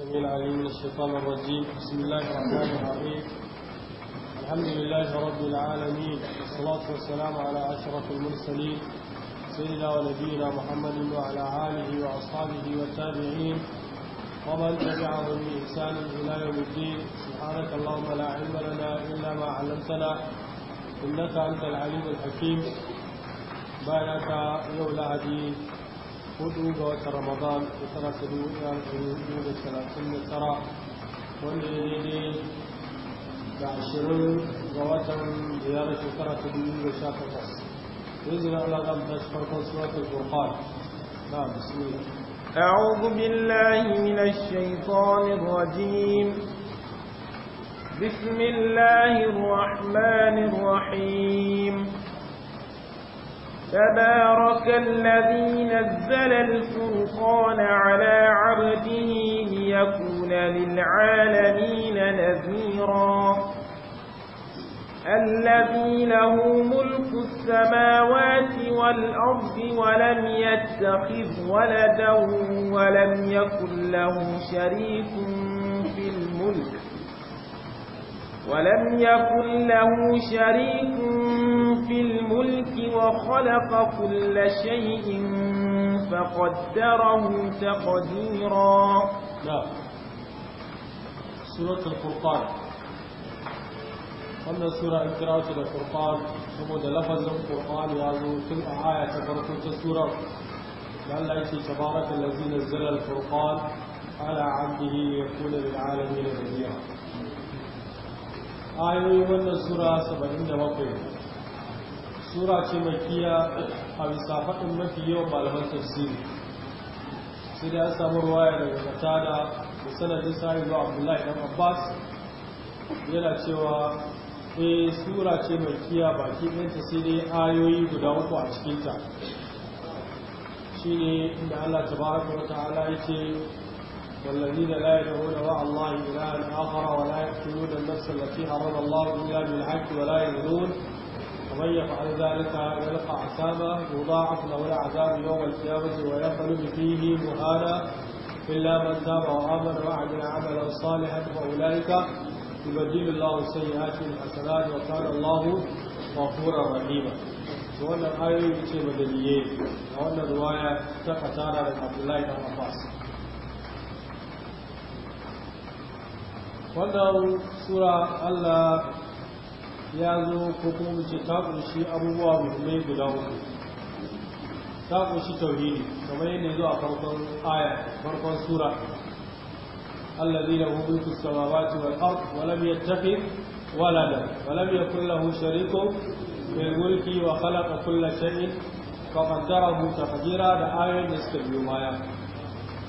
السميع العليم من الشيطان الرجيم بسم الله الرحمن الرحيم الحمد لله رب العالمين والصلاة والسلام على أشرف المرسلين سيدنا ونبينا محمد وعلى آله وأصحابه والتابعين ومن تبعهم بإحسان إلى يوم الدين سبحانك اللهم لا علم لنا إلا ما علمتنا إنك أنت العليم الحكيم بارك يوم العديد خذوا غوث رمضان وتركوا القلوب الثلاثين ترى والذين بعشرون غوثا زيارة ترك القلوب شافتة ينزل على غد أشهر سورة الفرقان نعم بسم الله أعوذ بالله من الشيطان الرجيم بسم الله الرحمن الرحيم تبارك الذي نزل الفرقان على عبده ليكون للعالمين نذيرا الذي له ملك السماوات والأرض ولم يتخذ ولدا ولم يكن له شريك في الملك ولم يكن له شريك في الملك وخلق كل شيء فقدره تقديرا لا نعم. سورة الفرقان قلنا سورة اقراءة الفرقان ثم لفظ الفرقان يازو كل آية تقرأت السورة لعل أيش تبارك الذي نزل الفرقان على عبده يكون للعالمين نذيرا ayoyi wannan sura 77 sura ce makiya a bisa faɗin mafi yawan malaman tafsiri sai da an samu ruwaya daga katada da sanadin sa'ayi zuwa abdullahi dan abbas yana cewa e sura ce makiya baki ɗanta sai dai ayoyi guda uku a cikinta shi ne inda allah ta wa ta'ala ya ce والذين لا يدعون مع الله إلها آخر ولا يقتلون النفس التي حرم الله إلا بالحق ولا يزنون ومن يفعل ذلك يلقى عذابا يضاعف له العذاب يوم القيامة ويخلد فيه مهانا إلا من تاب وآمن وعمل عملا صالحا فأولئك يبدل الله السيئات حسنات وكان الله غفورا رحيما wannan ayoyi ce madaniyai a wannan ruwaya ta kasara da abdullahi dan abbas wannan sura Allah ya zo ko kuma ce ta kunshi abubuwa muhimmai guda uku ta kunshi tauhidi kamar yadda zuwa farkon aya farkon sura الذي walada ملك السماوات والأرض ولم يتخذ ولدا ولم يكن له شريك في الملك وخلق كل da فقدره da suka biyo baya.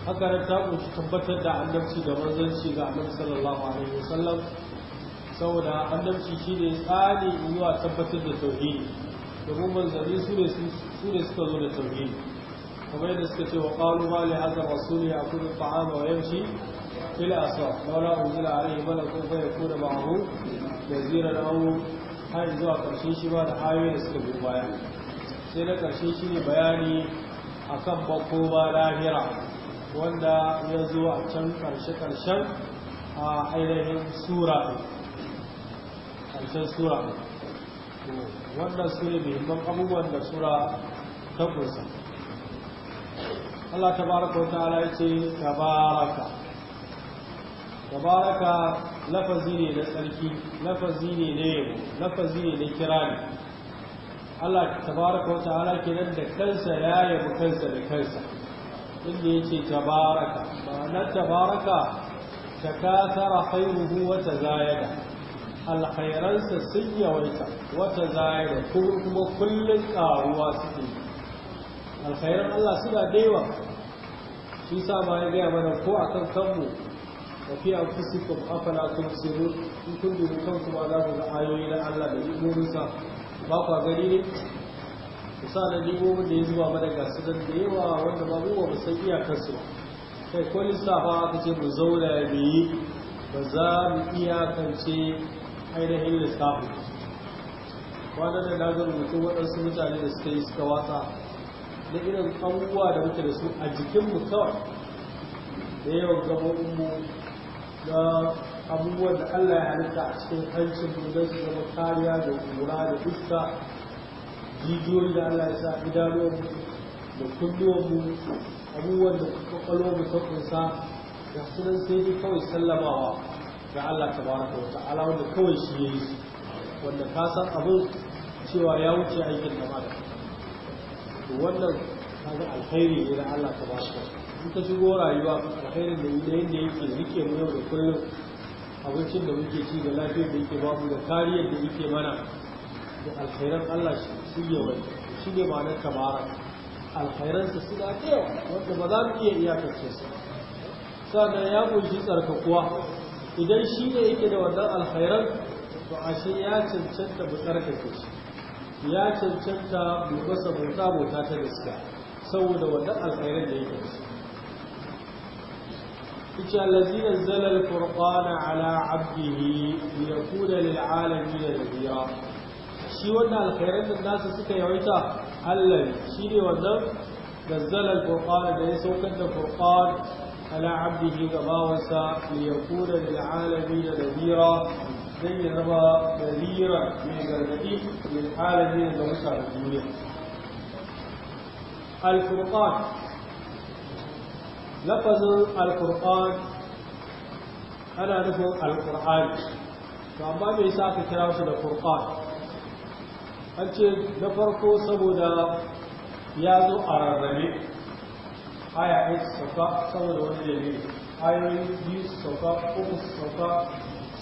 haka nan ta tabbatar da annabci da manzanci ga annabi sallallahu alaihi wasallam saboda annabci shine tsari zuwa tabbatar da tauhidi domin manzanni su ne su ne suka zo da tauhidi kamar yadda suka ce wa qalu ma li hadha rasul ya'kulu ta'ama wa yamshi fil aswaq wala unzila alaihi malakun fa yakuna ma'ahu naziran aw har zuwa karshen shi ba da hayoyi da suka bi baya sai na karshen shi ne bayani akan bako ba lahira wanda ya zo a can karshe-karshen a ainihin sura karshen sura wanda su ne muhimman abubuwan da sura ta kusa Allah tabaraka wa ta'ala ya ce ka baraka. tabaraka tabaraka lafazi ne na tsarki lafazi ne na yabo lafazi ne na kirani Allah ta tabaraka wa ta'ala kenan da kansa ya yabo kansa da kansa inda yace tabaraka ma'anar tabaraka takasara khairuhu Wata zayada. alkhairansa sun yawaita wa tazayada kuma kullun karuwa suke alkhairan Allah suna daiwa shi sa ma ya gaya mana ko kan kanmu وفي أنفسكم أفلا تبصرون إن كنتم كنتم على آيوين الله بإذن موسى باقى ne? kusa da limomin da ya zuwa mana ga su da yawa wanda ba mu ba mu san iyakarsu ba kai kwallon safa aka ce mu zauna da yi ba za mu iyakance ainihin lissafi kwanan da nazar mutum waɗansu mutane da suka yi suka wasa, na irin abubuwa da muke da su a jikinmu kawai da yawan gabanmu na abubuwan da allah ya halitta a cikin hancinmu don su zama kariya da kura da iska jijiyoyi da Allah ya sa idanuwanmu, da kulluwan abubuwan da kwakwalwar mu ta kunsa ga sunan sai dai kawai sallamawa ga Allah ta tabaraka wata ta'ala wanda kawai shi yayi su wanda ka san abin cewa ya wuce aikin da mata to wannan kaga alkhairi ne da Allah ta tabaraka in ka shigo rayuwa alkhairin da yake yadda yake rike mu yau da kullum abincin da muke ci da lafiyar da yake babu da kariyar da yake mana da alkhairan Allah shi sun yawaita shi ne ma'anar kamara alkhairansa suna da yawa wanda ba za mu iya iyakar iyakance su sannan ya kunshi tsarkakuwa idan shi ne yake da wannan alkhairan to ashe ya cancanta mu tsarkake shi ya cancanta mu masa bauta bauta ta gaskiya saboda wannan alkhairan da yake da إن الذي نزل القرآن على عبده ليكون للعالمين نذيرا shi wannan alkhairan da nasu suka yawaita Allah shi ne wannan nazzala al-furqan da ya saukar da furqan ala abdihi ga bawansa li yakuna lil alamin nadira dan ya zama nadira mai gargadi lil alamin da mutane duniya al-furqan lafazin al-furqan ana nufin al-qur'ani to amma me yasa aka kira shi da furqan an ce na farko saboda ya zo a rarrabe aya ɗaya su sauka saboda wani dalili ayoyi biyu su sauka uku su sauka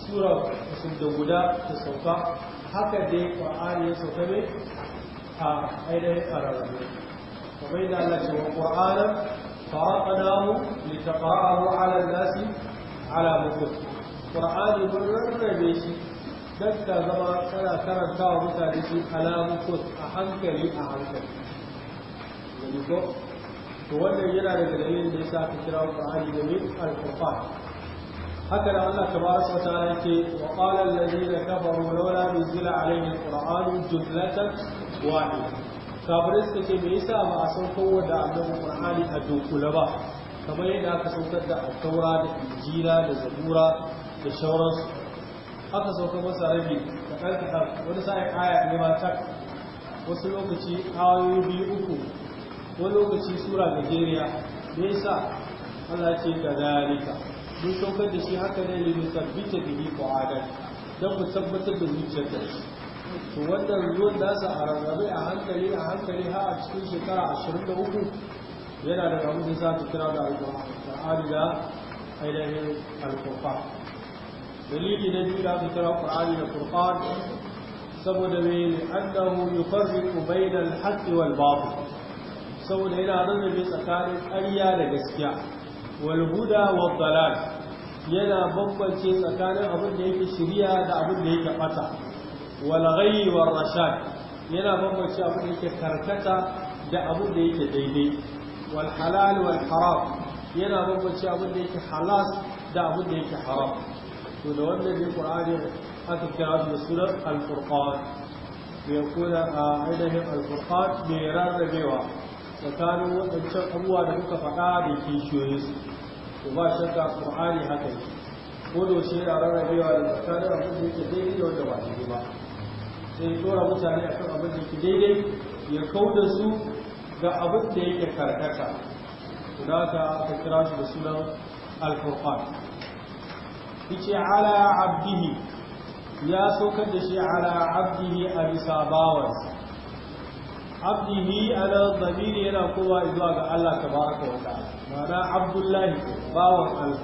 sura su da guda ta sauka haka dai ƙwa'ani ya sauka ne a ainihin a rarrabe kamar yadda Allah ce wa ƙwa'anan faraqnahu litaqra'ahu 'ala an-nasi 'ala mukut ƙwa'ani mun rarrabe shi don ka zama kana karanta wa mutane shi alamu kus a hankali a hankali yanzu ko to wannan yana da dalilin da yasa ka kira Qur'ani da min al-Qur'an haka da Allah tabaraka wa ta'ala yake wa qala alladhina kafaru lawla nuzila alayhi al-Qur'anu jumlatan wahida kafirai suka ce me yasa ba a san kowa da annabi Qur'ani a dunkule ba kamar yadda aka saukar da al da Injila da Zabura da sauransu haka sauka masa rabi da karkatar wani sa'i aya ne ba ta wasu lokaci ayoyi biyu uku wani lokaci sura gajeriya me yasa Allah ce ka zarika mun saukar da shi haka ne ne musabbita bihi qu'adan don mu tabbatar da zuciyar da shi to wannan ruwan da sa a rarrabe a hankali a hankali har a cikin shekara ashirin da uku yana daga da za ta kira da alƙur'ani da ainihin dalili na biyu da aka kira qur'ani da furqan saboda me ne annahu yufarriqu bayna al-haqqi wal batil saboda yana rarrabe tsakanin ƙarya da gaskiya wal huda wal dalal yana bambance tsakanin abin da yake shiriya da abin da yake bata wal ghayyi wal rashad yana bambance abin da yake karkata da abin da yake daidai wal halal wal haram yana bambance abin da yake halas da abin da yake haram to da wannan ne qur'ani aka kira shi da surar al-furqan ya kula a ainihin al-furqan mai rarrabewa tsakanin waɗancan abubuwa da muka faɗa da kishiyoyinsu to ba shakka qur'ani haka ne ko da shi yana rarrabewa da tsakanin abin da yake daidai da wanda ba daidai ba sai tora mutane akan abin da yake daidai ya kauda su ga abin da yake karkata da aka kira shi da sunan al yace ala abdihi ya saukar da shi ala abdihi a bisa bawansa abdihi ala zamiri yana kowa zuwa ga Allah tabaraka wa ta'ala mana abdullahi bawan Allah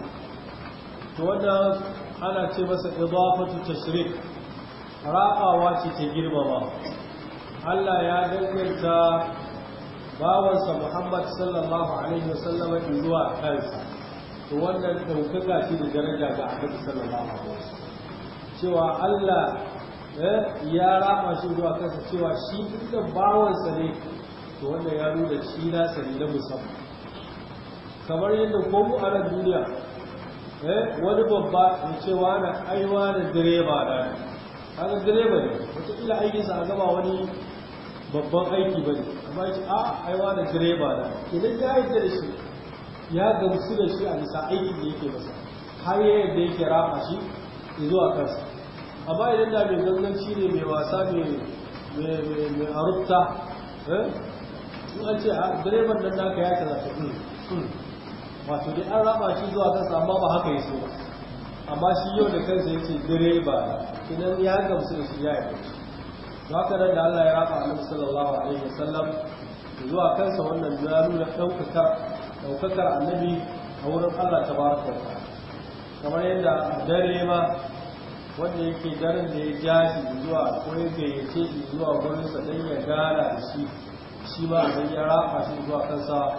to wannan ana ce masa idafatu tashrik ra'awa ce ta girmama Allah ya danganta bawansa Muhammad sallallahu alaihi wasallam zuwa kansa to wannan ɗaukaka ce da daraja ga annabi sallallahu alaihi wasallam cewa Allah eh, ya rama shi zuwa kansa cewa shi inda bawansa ne to wannan ya nuna shi nasa sani na musamman kamar yadda ko mu a nan duniya eh, wani babba ne cewa na aiwa da direba na kaga direba ne wataƙila aikinsa a gaba wani babban aiki ba ne amma ya ce a ah, aiwa da direba na idan ya yi da shi ya gamsu da shi a bisa aikin da yake masa har ya yadda yake rafa shi zuwa kansa amma idan da mai ganganci ne mai wasa mai harufta eh, in an ce a ah, direban nan naka ya kaza su hmm, hmm. wato dai an raba shi zuwa kansa amma ba haka ya so ba amma shi yau da kansa ya ce direba Idan ya gamsu da shi ya yi ba ka da Allah ya raba annabi sallallahu alaihi wasallam zuwa kansa wannan ya nuna ɗaukaka daukakar annabi a wurin Allah ta baraka wa kamar yadda dare ma wanda yake daren da ya jashi shi zuwa ko ya gayyace shi zuwa gurinsa don ya gana da shi shi ba sai ya rafa shi zuwa kansa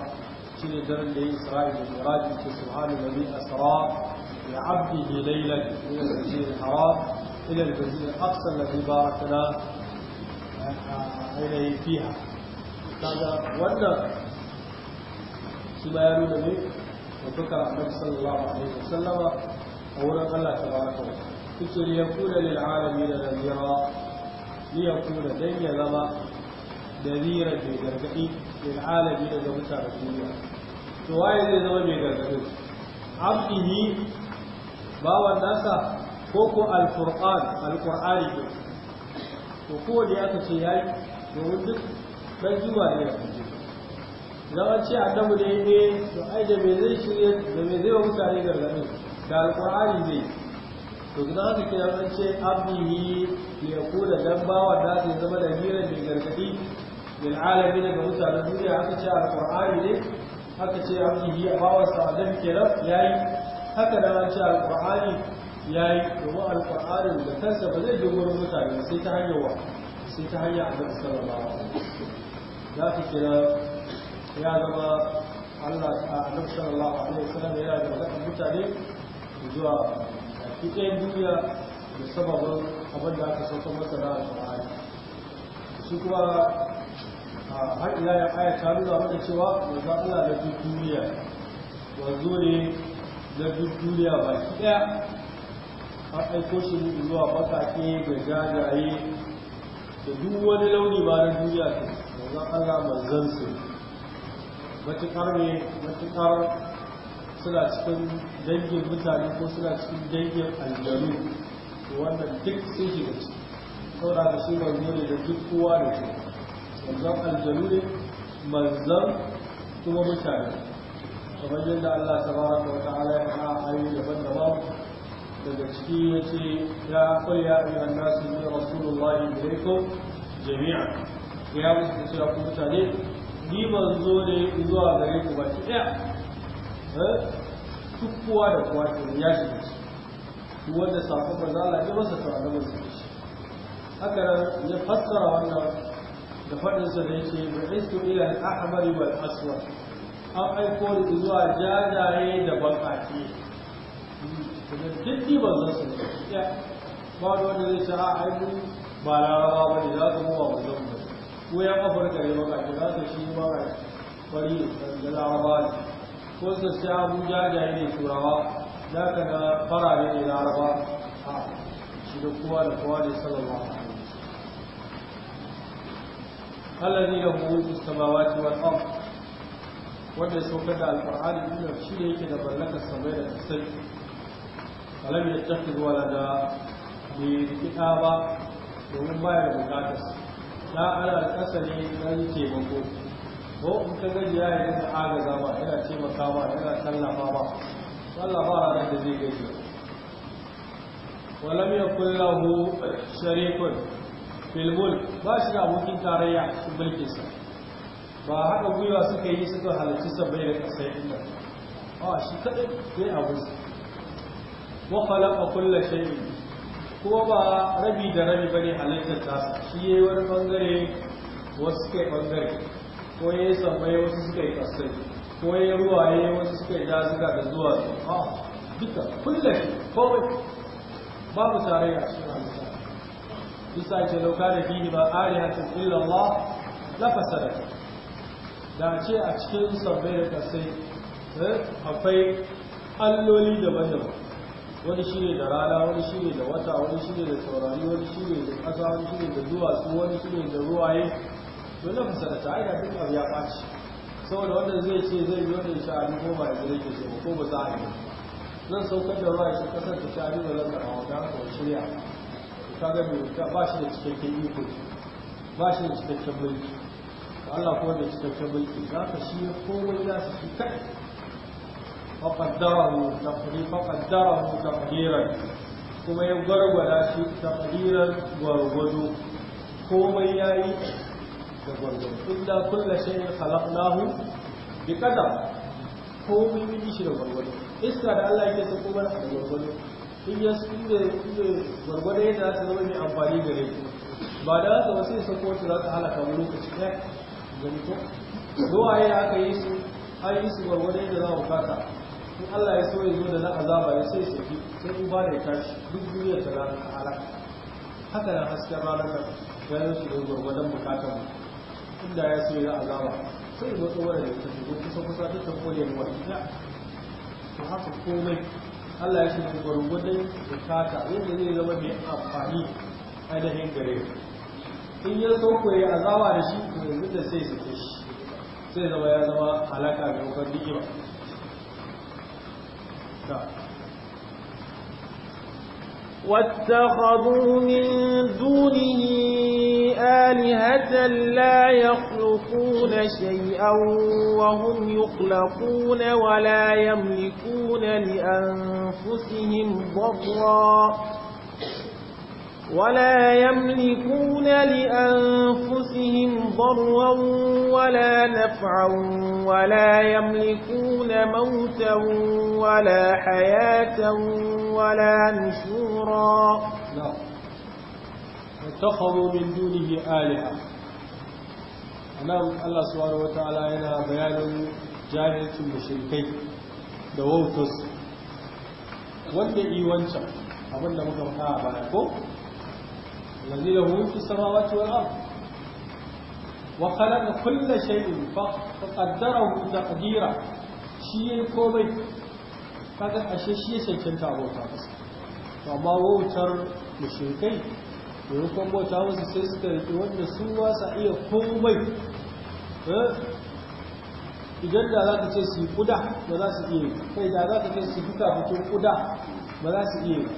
shi ne daren da ya yi da miraji ce subhanu nabi asra ya abdi bi lailan min al-masjid al ila al-masjid aqsa alladhi barakna eh, eh, alayhi fiha kaga wannan shi ma ya nuna ne ɗaukakar annabi sallallahu alaihi wasallama a wurin Allah tabaraka wa ta'ala kace li yakuna lil alamin nadhira li yakuna dan ya zama nadhira bi gargadi lil alamin da mutane duniya to waye zai zama mai gargadi abdihi bawan nasa ko ko alqur'an alqur'ani to ko da aka ce yayi domin duk dan ne ya fice zama ce a tabu da yake to ai da me zai shirya da me zai wa mutane gargaɗi da alƙur'ani zai to kuma haka ke nan ce abdihi ya kula dan bawa da zai zama da hirar mai gargaɗi lil alami daga mutanen duniya aka ce alƙur'ani ne Aka ce abdihi a bawansa a dan kenan yayi haka da ce alƙur'ani yayi domin alƙur'anin da kansa ba zai je gurin mutane sai ta hanyar wa sai ta hanyar annabi sallallahu alaihi wasallam za ka kira ya zama Allah a annabi sallallahu alaihi wasallam yana da maganar mutane zuwa kitan duniya da sababin abin da aka sauka masa na alƙur'ani su kuma har ila ya aya ta nuna mana cewa manzo Allah na duk duniya zo ne na duk duniya baki ɗaya an aiko shi ne zuwa bakake da jajaye da duk wani launi ba na duniya to manzo Allah manzon su matuƙar ne matuƙar suna cikin dangin mutane ko suna cikin dangin aljanu to wannan duk sun shiga ciki saboda da shi manzo ne da duk kowa da shi manzon aljanu ne manzon kuma mutane kamar yadda Allah ta tabaraka wa ta'ala ya faɗa da ban daban daga ciki ya ce ya kulya ayyuhan nasu ni rasulullahi ilaykum jami'a ya musu cewa ku mutane ni ban manzo ne zuwa gare ku ba ki ɗaya eh? duk kowa da kowa ke ya shiga shi wanda sakon manzo Allah ya masa tsara masa shi haka ya fassara wannan da faɗin sa da yake bu'istu ila al-ahmar wal aswad an aiko ni zuwa jajaye da bakaki kuma duk ni manzo su ne ba wanda zai ce a ai ba larabawa ba ne za su mu ba manzo mu ko yan afirka maka baka za su shi ba ga fari da laraba ne ko su sai abu jaye ne turawa za ka ga farare ne laraba a shi da kowa da kowa ne sallallahu alaihi الذي له ملك السماوات والأرض wanda ya saukar da alfahari ina shi ne yake da ballakar samai da kasai alam ya tafi wala da bai rikita ba domin baya da bukatarsa ta ala kasari dan taimako ko in ka gaji ya yi da agaza ba yana taimaka ba yana tallafa ba tallafa a da zai gaji walam yakul lahu sharikun fil mulk ba shi da abokin tarayya su mulkin sa ba haka gwiwa suka yi suka halarci sabai da kasai inda a shi kadai zai abu wa khalaqa kullu shay'in ko ba rabi da rabi bane halittar ta shi yayi wani bangare wasu kai bangare ko yayi sammai wasu suka yi kasar ko yayi ruwaye wasu suka yi dazuka da zuwa a ah, duka kulle komai babu tare a cikin halitta bisa ce lauka da fihi ba alihatin illallah la fasara da ce a cikin sammai da kasai eh, akwai alloli daban-daban wani shi ne da rana wani shi ne da wata wani shi ne da saurari wani shi ne da ƙasa wani shi ne da duwatsu wani shi ne da ruwaye to na fasalata ai da duk abu ya ɓaci saboda wanda zai ce zai yi wani sha abin ko ba ya yake so ko ba za a yi zan saukar da ruwa shi kasar ta sha abin da zan karɓa wata ko shirya ka ga bai ba shi da cikakken iko ba shi da cikakken mulki Allah ko da cikakken mulki za ka shi komai za su shi kai فقدره فقدره تقديرا kuma ya gwargwada shi taqdiran gwargwado komai yayi da gwargwado illa kullu shay'in khalaqnahu bi qadar komai yi shi da gwargwado iska da Allah yake sako mana da gwargwado in ya su da gwargwado yadda za su zama mai amfani gare ku ba da haka wasu sako su za aka yi su an yi su gwargwado yadda za in Allah ya so ya zo da na azaba ya sai saki sai ba da kashi, tashi duk duniya ta rana a halaka haka nan hasken rana kan ya su da gwargwadon bukatar mu inda ya so ya azaba sai ya zo tsohuwar da ta shigo kusa kusa duk ta kone mu a gida to haka komai Allah ya ce da gwargwadon bukata yadda zai zama mai amfani ainihin gare in ya so ku yi azaba da shi to yanzu da sai ke shi sai zama ya zama halaka ga wakar ni'ima واتخذوا من دونه آلهة لا يخلقون شيئا وهم يخلقون ولا يملكون لأنفسهم ضرًّا ولا يملكون لأنفسهم ضرا ولا نفعا ولا يملكون موتا ولا حياة ولا نشورا لا نعم. اتخذوا من دونه آلهة أنا الله سبحانه وتعالى هنا بيان جاهلة المشركين دووتس wanda iwancan abinda muka fara bana الذي له ملك السماوات والأرض وخلق كل شيء فقدره تقديرا شيء كومي kaga ashe shi ya cancanta abota masa to amma wautar mushrikai da kuma bauta masa sai suka rike wanda su ba sa iya komai idan da za ka ce su yi kuda ba za su iya kai da za ka ce su yi fita kuda ba za su iya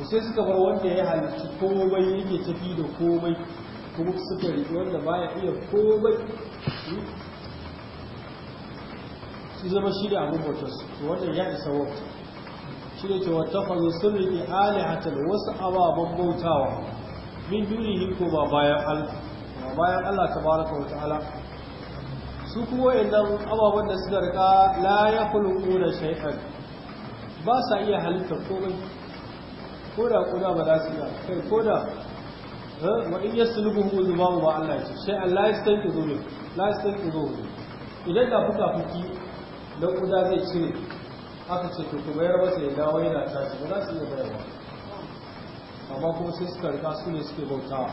to sai suka bar wanda ya halittu komai yake tafi da komai kuma suka riƙe wanda baya iya komai su zama shi da abin bautarsu to wannan ya isa wata shi ne ce wata fazo sun riƙe alihatar wasu ababen bautawa min dunihi hinko ba bayan allah ba bayan allah ta baraka wa ta'ala su kuma nan ababen da suka riƙa la ya kulun ƙuna shaitan ba sa iya halittar komai Koda da kuda ba za su ga kai ko da eh, wa in yaslubuhu mu ba Allah ya ce sai Allah ya san ki zuwa la ya san ki zuwa idan da fuka fuki da kuda zai cire aka ce to ku bayar masa ya dawo yana tashi ba za su iya bayarwa amma kuma sai suka rika su ne suke bautawa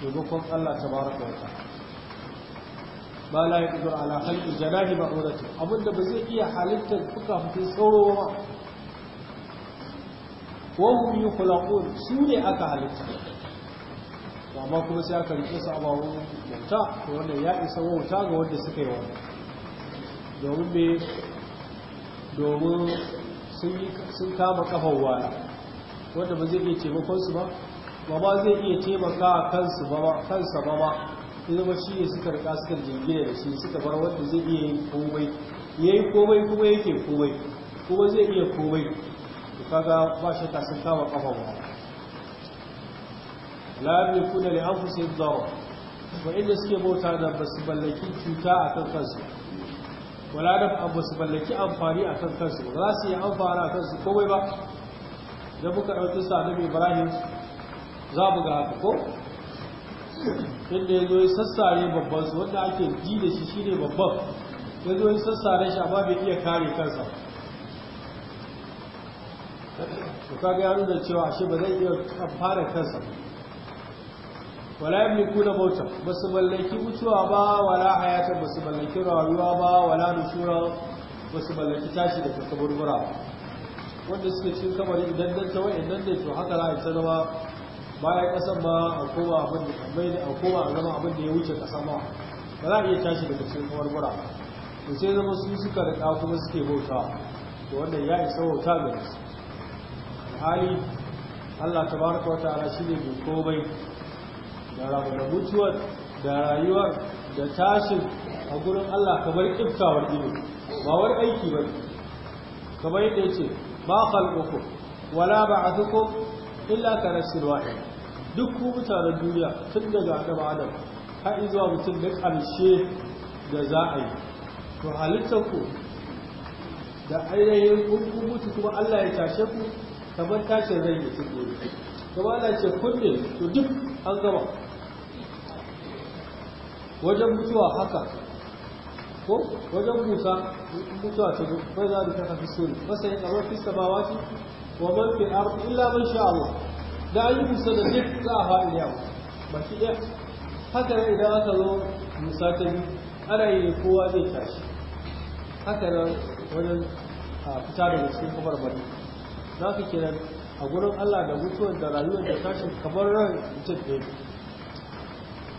taimakon Allah ta wa bauta ba la ya ƙudur ala halƙi janahi ma'auratu abinda ba zai iya halittar fuka-fukin tsoro ba kula yukhlaqun su ne aka halitta to amma kuma sai aka rike su abawo wauta to wannan ya isa wauta ga wanda suka yi wannan domin me domin sun kama kafar wani wanda ba zai iya taimakon su ba ba ma zai iya taimaka kansu ba kansa ba ma zama shi ne suka rika suka jingina da shi suka bar wanda zai iya yin komai yayi komai kuma yake komai kuma zai iya komai to kaga ba shi ka sun kama kafa ba la yamlikuna li anfusihim darra wa inda suke bauta da basu ballaki cuta akan kansu wala da abu su ballaki amfani akan kansu ba za su yi amfani a kansu komai ba da muka ɗauki sa mai Ibrahim za mu ga haka ko inda ya zo ya sassare babban su wanda ake ji da shi shine babban ya zo ya sassare shi amma bai iya kare kansa to kaga ya nuna cewa shi ba zai iya fara kansa wala yamliku na mota ba su mallaki mutuwa ba wala hayata ba su mallaki rayuwa ba wala nushura ba su mallaki tashi da kaburbura wanda suke cin kamar idan dan ta nan dai to haka za a sanarwa bayan kasan ba a koma abin da kamar da a koma a zama abin da ya wuce kasa ma ba za a iya tashi daga cikin kaburbura to sai zama su suka da kuma suke bauta to wannan ya isa bauta ga su alhali Allah tabaraka wa ta'ala shine mai komai da da mutuwar da rayuwar da tashin a gurin Allah kamar kiftawar ido ba wani aiki ba kamar yadda yace ba khalqukum wala ba'athukum illa ka nafsin wahid duk ku mutanen duniya tun daga adam adam har zuwa mutum na ƙarshe da za a yi to halittar ku da ainihin kun mutu kuma Allah ya tashe ku kamar tashin rai da suke yi kuma ana ce kunne to duk an gama wajen mutuwa haka ko wajen musa mutuwa ta zo bai za ta kafa sun masa yin aure fi samawati wa man fi ardi illa man sha Allah da an yi musa da duk za a faɗi yawa shi ɗaya haka ne idan aka zo musa ta bi ana yi kowa zai tashi haka nan wajen fita daga cikin kamar bari za ka kiran a gurin Allah da mutuwar da rayuwar da tashin kamar ran mutum ɗaya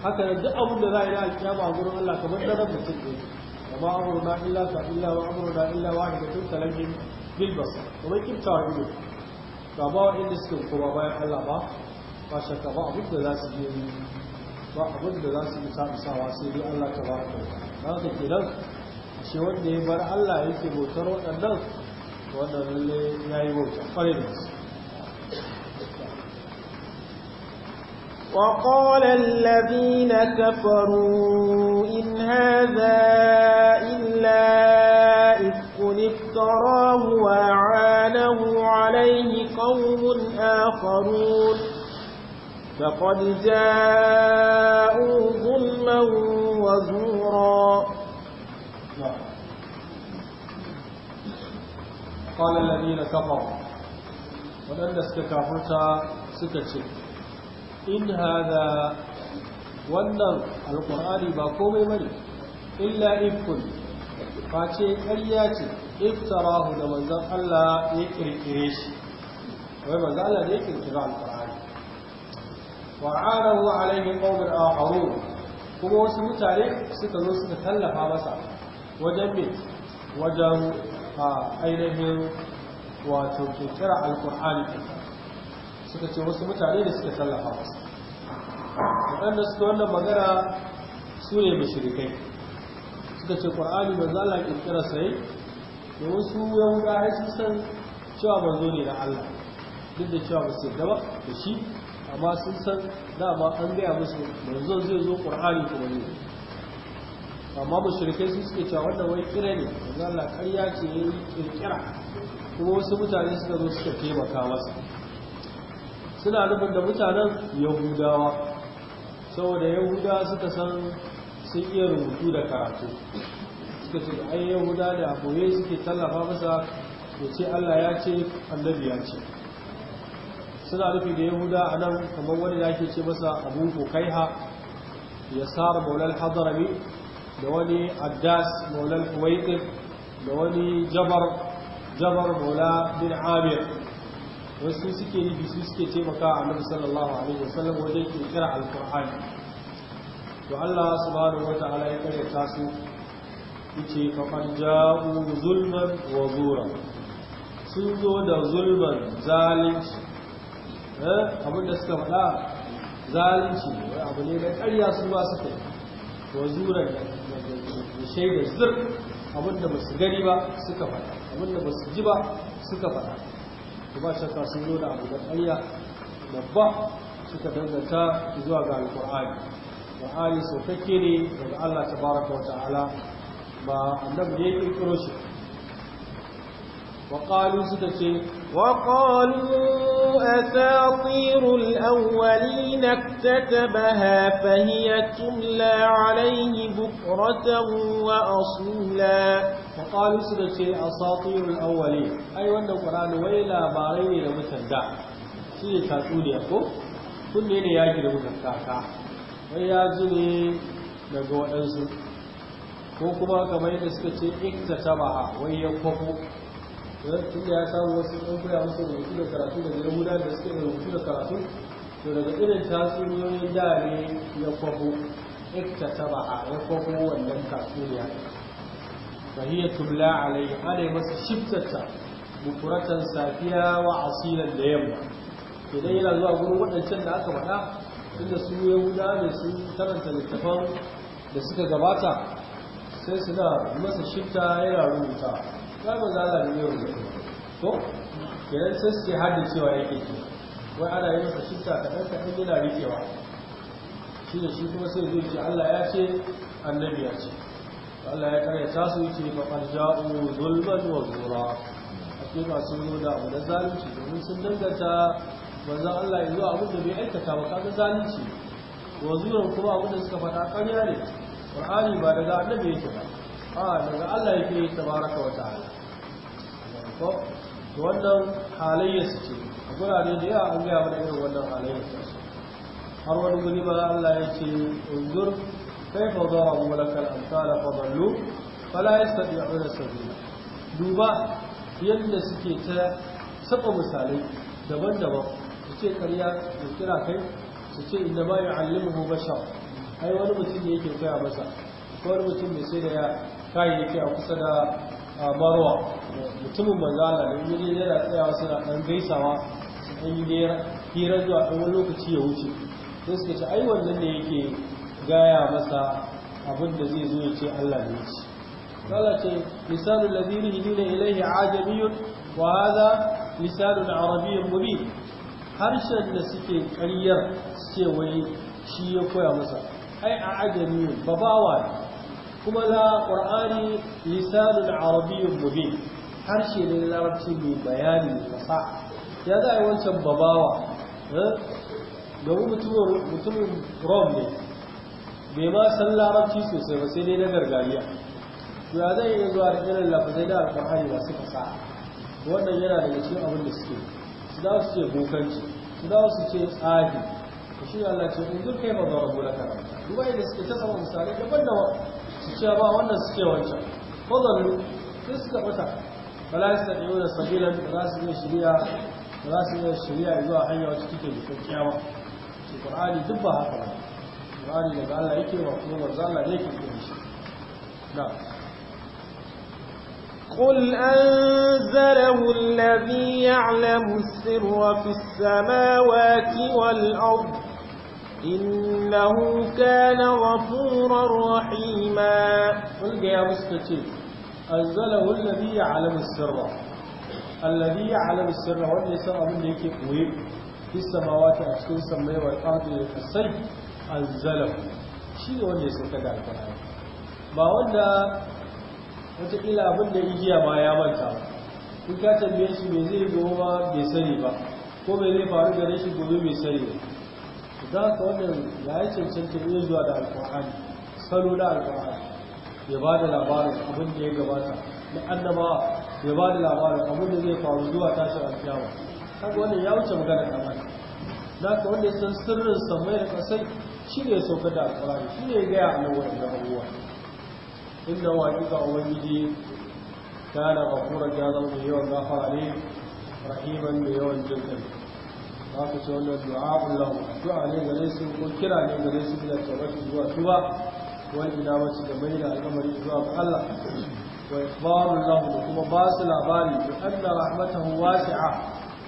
haka da duk abin da za a yi na alkiyama a gurin Allah kamar da ran mutum ɗaya kama amuru na illa ka illa wa amuru na illa wa daga tun talangin bilbas kamar kimtawa ido ba ba inda suke koma bayan Allah ba ba shakka ba abin da za su je ba abin da za su yi samusawa sai dai Allah ta ba ka ba ka kiran shi wanda ya bar Allah yake bautar waɗannan وقال الذين كفروا إن هذا إلا إفك افتراه وأعانه عليه قوم آخرون فقد جاءوا ظلما وزورا قال الذين كفروا ولن استكافرتا سكتشي إن هذا wannan alkur'ani ba komai bane illa ifkun face ƙarya ce iftarahu da manzon Allah ya kirkire shi wai manzon Allah ne ya kirkira alkur'ani wa arahu alaihi qawmin akharun kuma wasu mutane suka zo suka tallafa masa wajen me wajen a ainihin wato kirkira alkur'ani suka ce wasu mutane da suka tallafa wasu waɗanda suka wannan magana su ne mashirikai suka ce ƙwar'ani ba za a kirkira sai domin su yahuda har sun san cewa zo ne na allah duk da cewa ba su yarda ba da shi amma sun san dama an gaya musu manzo zai zo ƙwar'ani kuma ne amma mushrikai su suke cewa wannan wai kira ne manzo Allah ƙarya ce yi kirkira kuma wasu mutane suka zo suka taimaka masa suna nufin da mutanen yahudawa saboda yahudawa suka san sun iya rubutu da karatu suka ce ai yahuda da aboye suke tallafa masa ya ce Allah ya ce annabi ya ce suna nufi da yahuda a nan kamar wani da ake ce masa abu ko kaiha ya sara maulal hadarami da wani addas maulal kuwaitin da wani jabar jabar maula bin amir wasu suke yi su suke taimaka a nan sallallahu alaihi wa sallam wajen kirkira alkur'ani to Allah subhanahu wata'ala ya ta su yace faqad ja'u zulman wa zura sun zo da zulman zalunci eh abin da suka faɗa zalunci abu ne da ƙarya su ba suka yi wa zura da shaida zur abinda ba su gani ba suka faɗa abinda ba su ji ba suka faɗa to ba shakka sun zo da abu da ƙarya babba suka danganta zuwa ga alƙur'ani alƙur'ani saukakke ne daga Allah tabaraka wa ta'ala ba annabi ne ya ƙirƙiro shi وقالوا سكتي وقالوا أساطير الأولين اكتتبها فهي تملى عليه بكرة وأصولا وقالوا سكتي أساطير الأولين أي وأن القرآن ويلا بارين لمسندا شيء تقولي أكو كل يلي ياجي لمسندا وياجي daga waɗansu ko kuma kamar yadda suka ce ikta tabaha wai ya kwafo tun ya samu wasu ɗan koya musu rubutu da karatu da yahuda da suke rubutu da karatu to daga irin tatsuniyoyin da ne ya kwafo ikta taba'a ya kwafo wannan tatsuniya fahiyar tumla alai ana masa shiftarta bukuratan safiya wa asilan da yamma idan yana zuwa gurin waɗancan da aka faɗa inda su yahuda ne su karanta littafan da suka gabata sai suna masa shifta yana rubuta ba ba za a yau da ko kenan sai suke hada cewa yake ci wai ana yi masa ta kaɗan kaɗan yana rikewa shi da shi kuma sai zai ce Allah ya ce annabi ya ce Allah ya kare ta su ce ba ja'u zulman wa zura ake masu yi da abu da zalunci domin sun danganta manzan Allah ya zo abin da bai aikata ba kaga zalunci wa zuran kuma abin da suka faɗa ƙarya ne Qur'ani ba daga annabi yake ba a daga Allah yake tabaraka wa ta'ala ko wannan halayya su ce a gurare da yawa an gaya mana irin wannan halayya su har wani guri ma Allah ya ce unzur kaifa darabu lakal amsal fa dallu fala yastati'una sabila duba yadda suke ta saba misalai daban-daban su ce karya su kira kai su ce inda ma mu basha. ai wani mutum ne yake koya masa ko wani mutum mai sai da ya kayayyaki a kusa da a marwa mutumin manzala da yi yana tsayawa suna ɗan gaisawa su ɗan yi hira zuwa ɗan wani lokaci ya wuce sai suka ce ai wannan ne yake gaya masa abin da zai zo ya ce Allah ne ci Allah ce lisanul ladina yudina ilayhi ajamiyyun wa hadha lisanul arabiyyun mubin harshen da suke ƙaryar ce wai shi ya koya masa ai a ajamiyyun babawa ne kuma la qur'ani lisanun arabiyyun mubin harshe ne na larabci mai bayani fasa ya za a yi wancan babawa ga eh? mutumin rom ne bai ma san larabci sosai ba sai dai na gargariya to ya zai iya zuwa da irin lafazai da alƙur'ani masu fasa wannan yana daga cikin abin da suke su za su ce bokanci su za su ce tsari shi Allah ce in zurkai ba zara bola karanta duba da suke ta samun misalai daban-daban إيه، إيه، إيه، نعم. قل أنزله الذي يعلم السر في السماوات والأرض innahu kana ghafurar rahima kun ga ya musu ce azzalahu alladhi ya'lamu sirra alladhi ya'lamu sirra wanda ya san abin da yake koye fi samawati a cikin samai wal ardi da kasai azzalahu shi ne wanda ya sauka da ba wanda igiya ma manta ba in ka tambaye shi me zai goma bai sani ba ko bai zai faru gare shi gobe bai sani ba za ka wannan ya yi cancanta iya zuwa da alkur'ani salo da alkur'ani ya ba da labarin abin da ya gabata na annaba ya ba da labarin abin da zai faru zuwa tashin alkiyawa haka wannan ya wuce magana kamar za ka wanda ya san sirrin samai da kasai shi ne saukar da alkur'ani shi ne gaya a nan wannan abubuwa inda waƙiƙa ubangiji kana gafuran ya zama mai yawan gafara ne rahiman mai yawan jin za ku ce wannan du'a Allah addu'a ne gare su ko kira ne gare su da tawaki zuwa tuba wani ina wace da mai da al'amari zuwa ga Allah wa ikhbarun lahu da kuma ba su labari bi anna rahmatahu wasi'a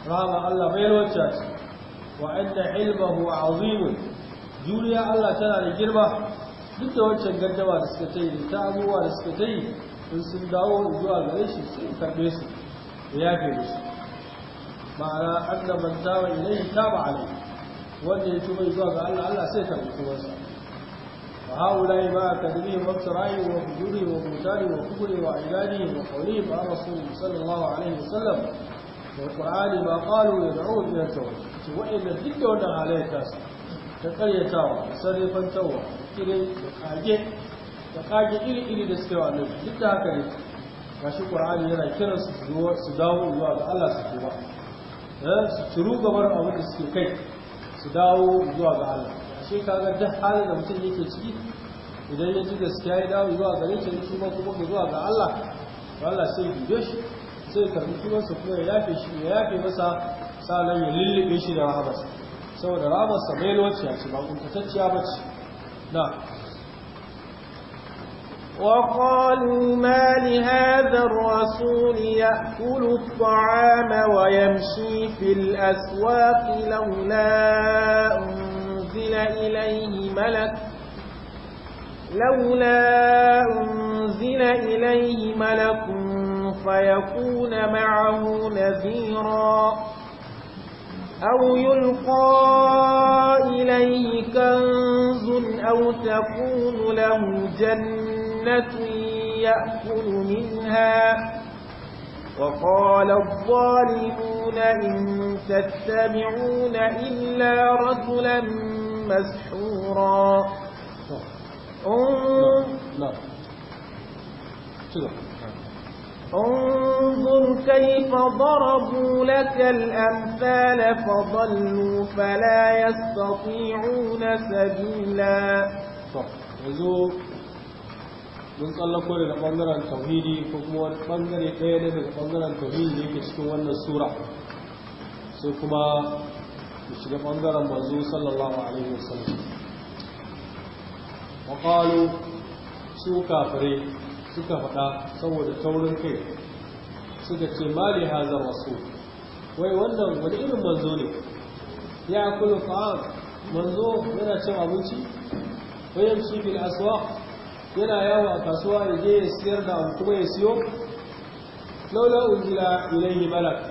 rahama Allah bai rocha wa anna ilmuhu azim juriya Allah tana da girma duk da wancan gaddama da suka ta yi ta abubuwa da suka ta yi in sun dawo zuwa gare shi sai karbe su ya fi musu ma'ana anna man taba ilayhi taba alayhi wanda ya tuba zuwa ga Allah Allah sai karbi tubansa wa haulai ma kadrihi wa tsarayi wa hujuri wa mutari wa kubri wa ibadihi wa qawli ma rasulullahi sallallahu alaihi wasallam wa qur'ani ma qalu yad'u ila tawhid wa inna dukkan wannan halayyata su ta karyatawa sarrifantawa irin da kage da kage iri-iri da suke wa annabi duk da haka ne gashi qur'ani yana kiransu su dawo zuwa ga Allah su tuba Eh, su ruga barin abin da suke kai su dawo zuwa ga Allah ashe kaga duk halin da mutum yake ciki idan ya ji gaskiya ya dawo zuwa gare ta ya tuba kuma zuwa ga Allah Allah sai bidiyo shi sai karbi tubansa kuma ya yafe shi ya yafe masa sanan ya lullube shi da rahamarsa saboda rahamarsa mai lokaci ya ce ba kuntatacciya ba ce na وقالوا ما لهذا الرسول يأكل الطعام ويمشي في الأسواق لولا أنزل إليه ملك لولا أنزل إليه ملك فيكون معه نذيرا أو يلقى إليه كنز أو تكون له جنة جنة يأكل منها وقال الظالمون إن تتبعون إلا رجلا مسحورا انظر كيف ضربوا لك الأمثال فضلوا فلا يستطيعون سبيلا صح mun tsallako daga bangaren tauhidi ko kuma wani bangare ɗaya ne daga bangaren tauhidi ne ke cikin wannan sura sai kuma mu shiga bangaren manzo sallallahu alaihi wasallam wa qalu su kafire suka faɗa saboda taurin kai suka ce ma hazar rasul wai wannan wani irin manzo ne ya kullu fa'am manzo yana cin abinci wayan shi bil aswaq yana yawo a kasuwa ya je ya siyar da kuma ya siyo laula unzila ilaihi malak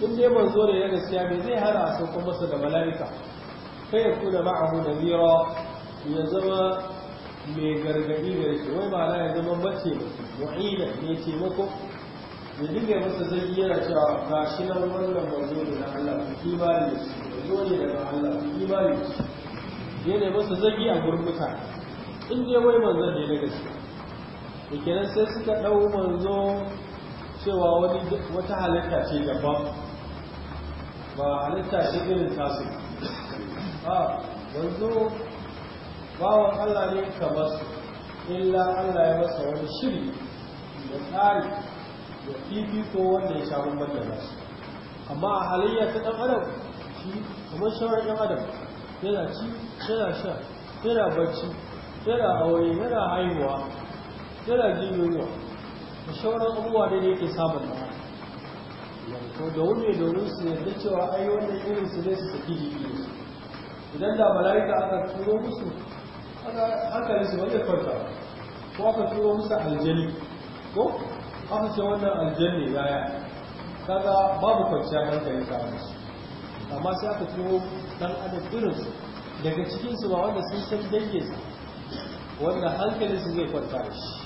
in dai zo da na gaskiya me zai hana a sauko masa da mala'ika kai ya kuna ma'ahu zira ya zama mai gargadi da shi wai ma'ana ya zama mace mu'ina ce mako ya dinga masa zargi da cewa ga shi nan wannan manzo ne Allah ku imani da shi manzo ne daga Allah ku imani da shi yana masa zagi a gurbin in je wai manzon ne na gaske ke kenan sai suka ɗau manzo cewa wata halitta ce daban ba halitta ce irin tasu ba manzo bawan Allah ne kamar su illa Allah ya masa wani shiri da tsari da ko wanda ya sha bambam da nasu amma a halayya ta ɗan adam shi kamar shawar ɗan adam yana ci yana sha yana barci suna aure yana haihuwa suna jin yunwa da shauran abubuwa da yake samun da to da wuri domin su yadda cewa ai wannan irin su zai su saki jiki idan da mala'ika aka turo musu hankali su wajen farka ko aka turo musu aljani ko aka ce wannan aljanni yaya kaga babu kwanciyar hankali ta musu amma sai aka turo dan adam irinsu daga cikinsu ba wanda sun san su wanda su zai kwanta da shi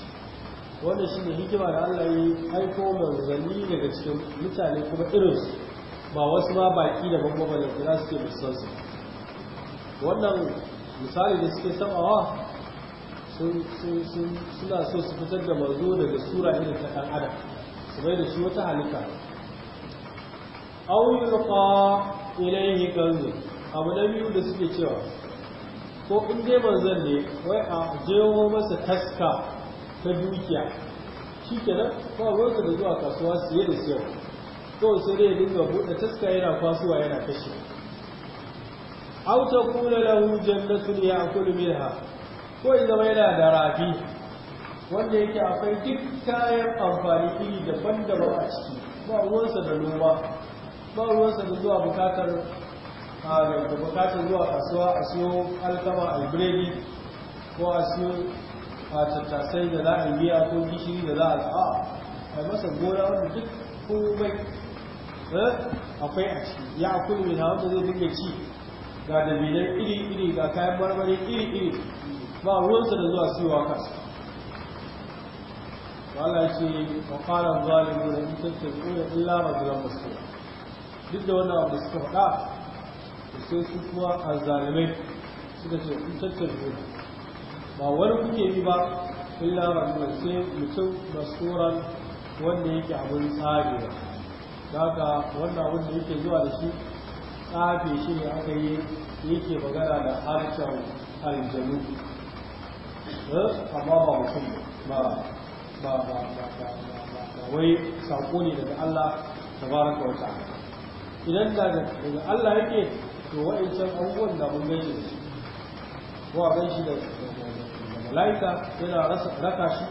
wanda shi ne hikima da Allah yi aiko manzanni daga cikin mutane kuma irinsu ba wasu ma baki da babba ba da za su ke musansu wannan misali da suke samawa suna so su fitar da mazo daga sura irin ta kan adam su bai da shi wata halitta au yulqa ilayhi kanzu abu na biyu da suke cewa ko in dai manzon ne wai a jeho masa taska ta dukiya shi kenan ba ruwansa da zuwa kasuwa siye da siyar kawai sai dai dinga buɗe taska yana kwasuwa yana kashe Auta aw takuna lahu ya ya'kulu minha ko zama yana da rafi wanda yake akwai duk kayan amfani iri daban-daban a ciki ba ruwansa da noma ba ruwansa da zuwa bukatar da bukatar zuwa kasuwa a siyo alkama albredi ko a siyo a tattasai da za a biya ko gishiri da za a ta'a a masa gona wanda duk komai eh, akwai a ciki ya akwai mai wanda zai dinga ci ga dabilan iri-iri ga kayan marmari iri-iri ba ruwansa da zuwa kasu Allah ya ce wa fara zalimin da ko ya illa ba zuwa masu duk da wannan abu da suka faɗa sai su kuwa a zalimai suka ce kun tattarfe ba wani kuke yi ba illa rahman sai mutum masuran wanda yake abin tsagewa daga wanda abin da yake zuwa da shi tsafe shi ne aka yi yake magana da harshen aljanu amma ba mutum ba ba ba ba ba wai sako ne daga Allah tabaraka wa wata. idan daga Allah yake to wa'ancan abubuwan da mun gaje shi ko a ganshi da malaika yana raka shi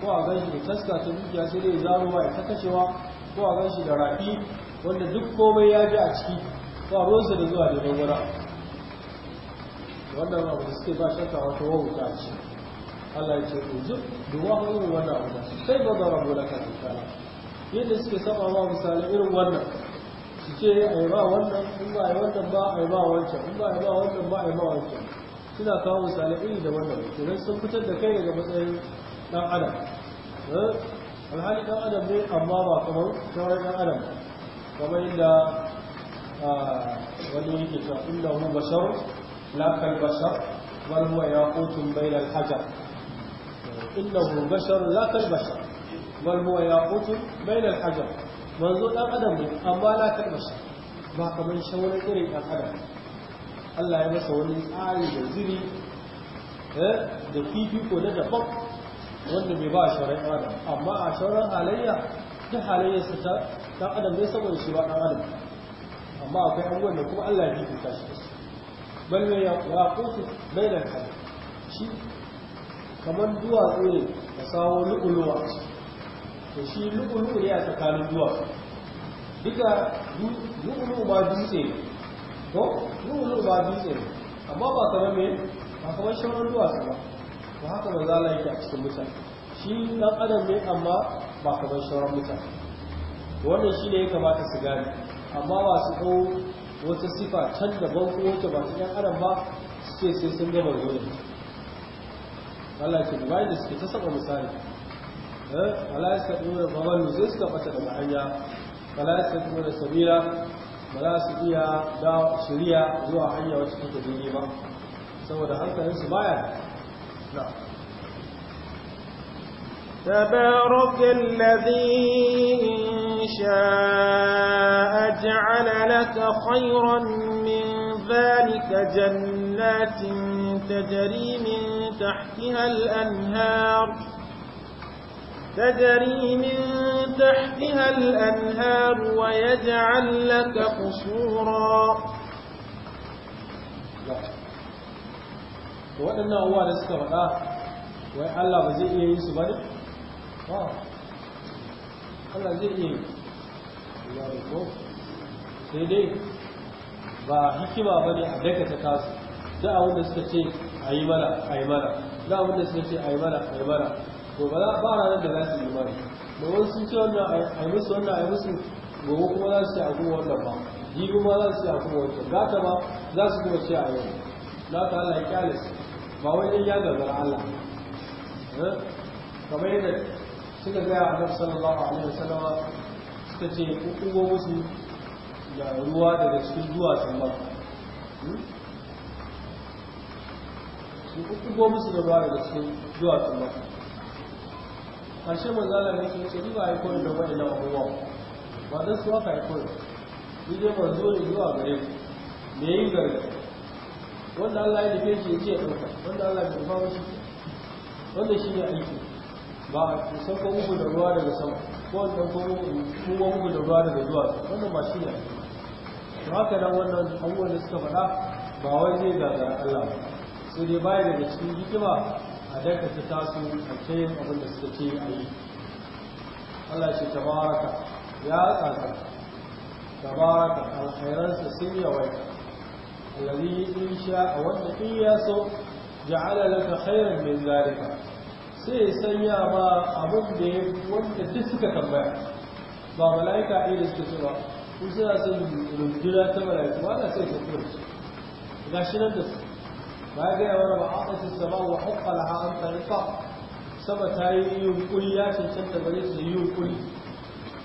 ko a shi da taska ta dukiya sai dai zaro wa ta kashewa ko a shi da rafi wanda duk komai ya bi a ciki ko a rosa da zuwa da dogara wannan abu su suke ba shakka wata wauta ce Allah ya ce ku ji duwa irin wannan abu sai ba zara bola ka tsara yadda suke saba ma misali irin wannan su ce a yi ba wannan in ba a yi wannan ba a yi ba wancan in ba a yi ba wannan ba a yi ba wancan suna kawo misalai iri da wannan kenan sun fitar da kai daga matsayin dan adam eh? alhali dan adam ne amma ba kamar sauran dan adam kamar yadda wani yake cewa inda hu bashar la kal bashar bal huwa yaqutun bayna al hajar innahu bashar la kal bashar bal huwa yaqutun bayna al hajar manzo ɗan adam ne amma na karɓa shi ba kamar shawarar irin ɗan adam Allah ya masa wani tsari da ziri eh, da fifiko na daban wanda bai ba a adam amma a shawarar halayya duk halayyarsa ta ɗan adam ne saboda shi ba ɗan adam amma akwai abubuwan da kuma Allah ya fifita shi da su bal mai yaƙoƙi bai shi kamar duwatsu ne da sawo lu'uluwa su to shi lu'ulu'u ne a tsakanin duwatsu duka lu'ulu'u ba dutse ko lu'ulu'u ba dutse amma ba kamar me ba kamar shauran duwatsu ba ba haka ba za yake a cikin mutane shi na adam ne amma ba kamar shauran mutane wannan shi ne ya kamata su gane amma ba su ko wata sifa can daban ko wata ba ta ɗan adam ba su ce sai sun gaba zuwa Allah ke da bayan da suke ta saba misali فلا يستطيعون فمن زلت قتل معي فلا يستطيعون السبيلة فلا يستطيع دعوة شريعة زوا حية وشكوك تديني سوى ده أنت نفس نعم تبارك الذي إن شاء جعل لك خيرا من ذلك جنات تجري من تحتها الأنهار تجري من تحتها الأنهار ويجعل لك قصورا وأن آه. إيه آه. إيه؟ أول السرعة وعلى رزيئه يسبر وعلى رزيئه الله يقول سيدي باهيك بابني عبدك تكاس دعوا نسكتي عيمنا عيمنا دعوا نسكتي عيمنا عيمنا to ba ba ranar da za su yi imani domin sun ce wannan a yi musu wannan a yi musu gobe kuma za su ce a kuma wannan ba jibi ma za su ce a kuma wancan gata ma za su kuma ce a yau na ta Allah ya kyale su ba wani ya gagara Allah eh? kamar yadda suka gaya a nan sallallahu alaihi wasallama suka ce kukugo musu da ruwa daga cikin duwatsun maka hmm? kukugo musu da ruwa daga cikin duwatsun ƙarshe manzala ne ke ce ba ya koyi da waɗannan abubuwa ba don su haka ya koyi ni dai zo ne zuwa gare ku me yin gargaɗi wanda Allah ya nufe shi ya ce ya ɗauka wanda Allah ya nufa mashi wanda shi ne aiki ba ku sauko muku da ruwa daga sama ko wanda ko kuma muku da ruwa daga zuwa wannan ba shi ne aiki to haka nan wannan abubuwan da suka faɗa ba wai zai gagara Allah ba sai dai baya daga cikin hikima a dakata tasu a kayan abin da suka ce a yi Allah ce tabaraka ya tsaka tabaraka alkhairansa sun yawaita alladhi in sha a wanda in ya so ja'ala laka khairan min zalika sai sanya ma abin da ya wanda duk suka tambaya ba mala'ika ne da suke cewa kun suna son rundunar ta mala'ika ba na sai ta kura shi nan da su ba ga yawa ba a ɗace wa hukka laha an tarifa Saba ta yi yunkuri ya cancanta ba zai yi yunkuri